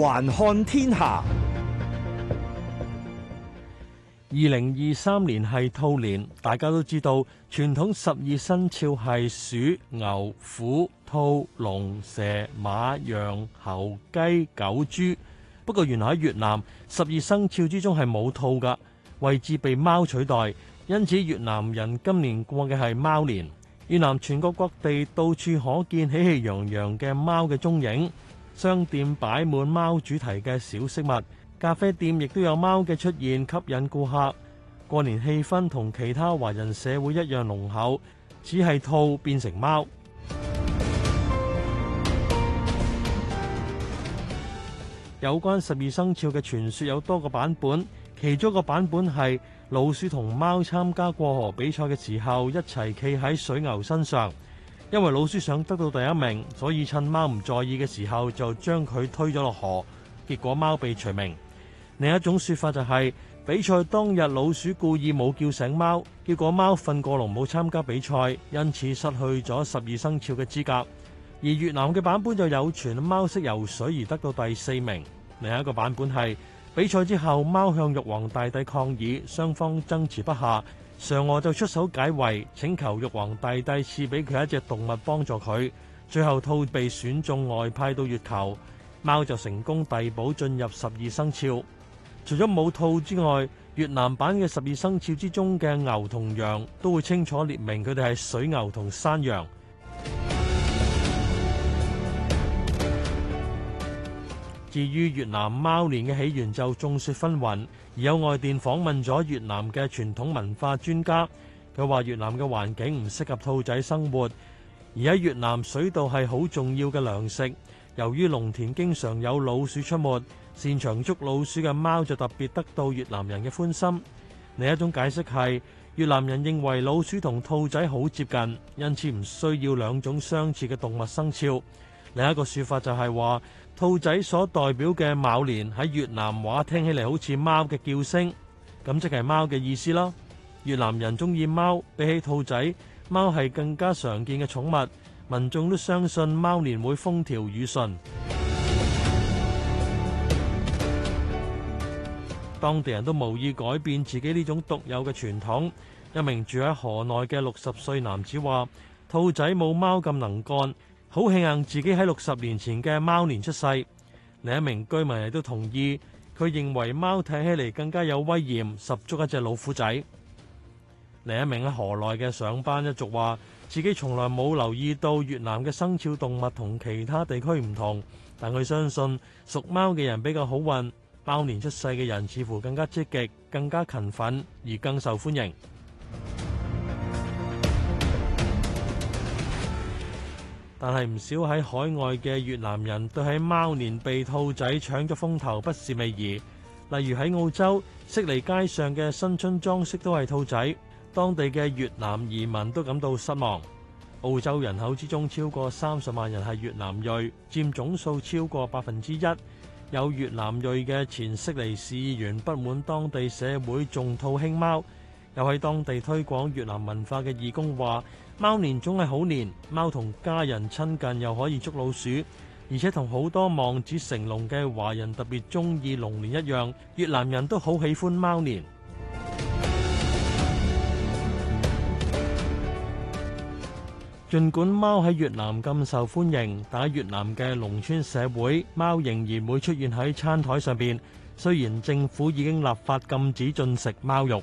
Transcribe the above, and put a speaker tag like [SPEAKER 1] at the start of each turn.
[SPEAKER 1] 環看天下，二零二三年係兔年，大家都知道傳統十二生肖係鼠、牛、虎、兔、龍、蛇、馬、羊、猴、雞、狗、豬。不過原來喺越南十二生肖之中係冇兔噶，位置被貓取代，因此越南人今年過嘅係貓年。越南全國各地到處可見喜氣洋洋嘅貓嘅蹤影。商店擺滿貓主題嘅小飾物，咖啡店亦都有貓嘅出現，吸引顧客。過年氣氛同其他華人社會一樣濃厚，只係兔變成貓。有關十二生肖嘅傳說有多個版本，其中一個版本係老鼠同貓參加過河比賽嘅時候，一齊企喺水牛身上。因為老鼠想得到第一名，所以趁貓唔在意嘅時候就將佢推咗落河，結果貓被除名。另一種說法就係、是、比賽當日老鼠故意冇叫醒貓，結果貓瞓過籠冇參加比賽，因此失去咗十二生肖嘅資格。而越南嘅版本就有傳貓識游水而得到第四名。另一個版本係比賽之後貓向玉皇大帝抗議，雙方爭持不下。嫦娥就出手解圍，請求玉皇大帝賜俾佢一隻動物幫助佢。最後兔被選中外派到月球，貓就成功遞補進入十二生肖。除咗冇兔之外，越南版嘅十二生肖之中嘅牛同羊都會清楚列明佢哋係水牛同山羊。至於越南貓年嘅起源就眾說紛紜，而有外電訪問咗越南嘅傳統文化專家，佢話越南嘅環境唔適合兔仔生活，而喺越南水稻係好重要嘅糧食。由於農田經常有老鼠出沒，擅長捉老鼠嘅貓就特別得到越南人嘅歡心。另一種解釋係越南人認為老鼠同兔仔好接近，因此唔需要兩種相似嘅動物生肖。另一個說法就係話，兔仔所代表嘅卯年喺越南話聽起嚟好似貓嘅叫聲，咁即係貓嘅意思啦。越南人中意貓，比起兔仔，貓係更加常見嘅寵物。民眾都相信貓年會風調雨順。 當地人都無意改變自己呢種獨有嘅傳統。一名住喺河內嘅六十歲男子話：兔仔冇貓咁能幹。好慶幸自己喺六十年前嘅貓年出世。另一名居民亦都同意，佢認為貓睇起嚟更加有威嚴，十足一隻老虎仔。另一名喺河內嘅上班一族話，自己從來冇留意到越南嘅生肖動物同其他地區唔同，但佢相信屬貓嘅人比較好運，貓年出世嘅人似乎更加積極、更加勤奮，更加勤奮而更受歡迎。但係唔少喺海外嘅越南人對喺貓年被兔仔搶咗風頭不是味兒。例如喺澳洲，悉尼街上嘅新春裝飾都係兔仔，當地嘅越南移民都感到失望。澳洲人口之中超過三十萬人係越南裔，佔總數超過百分之一。有越南裔嘅前悉尼市議員不滿當地社會重兔輕貓。又喺當地推廣越南文化嘅義工話：「貓年總係好年，貓同家人親近，又可以捉老鼠。而且同好多望子成龍嘅華人特別鍾意龍年一樣，越南人都好喜歡貓年。儘管貓喺越南咁受歡迎，但係越南嘅農村社會，貓仍然會出現喺餐台上邊。雖然政府已經立法禁止進食貓肉。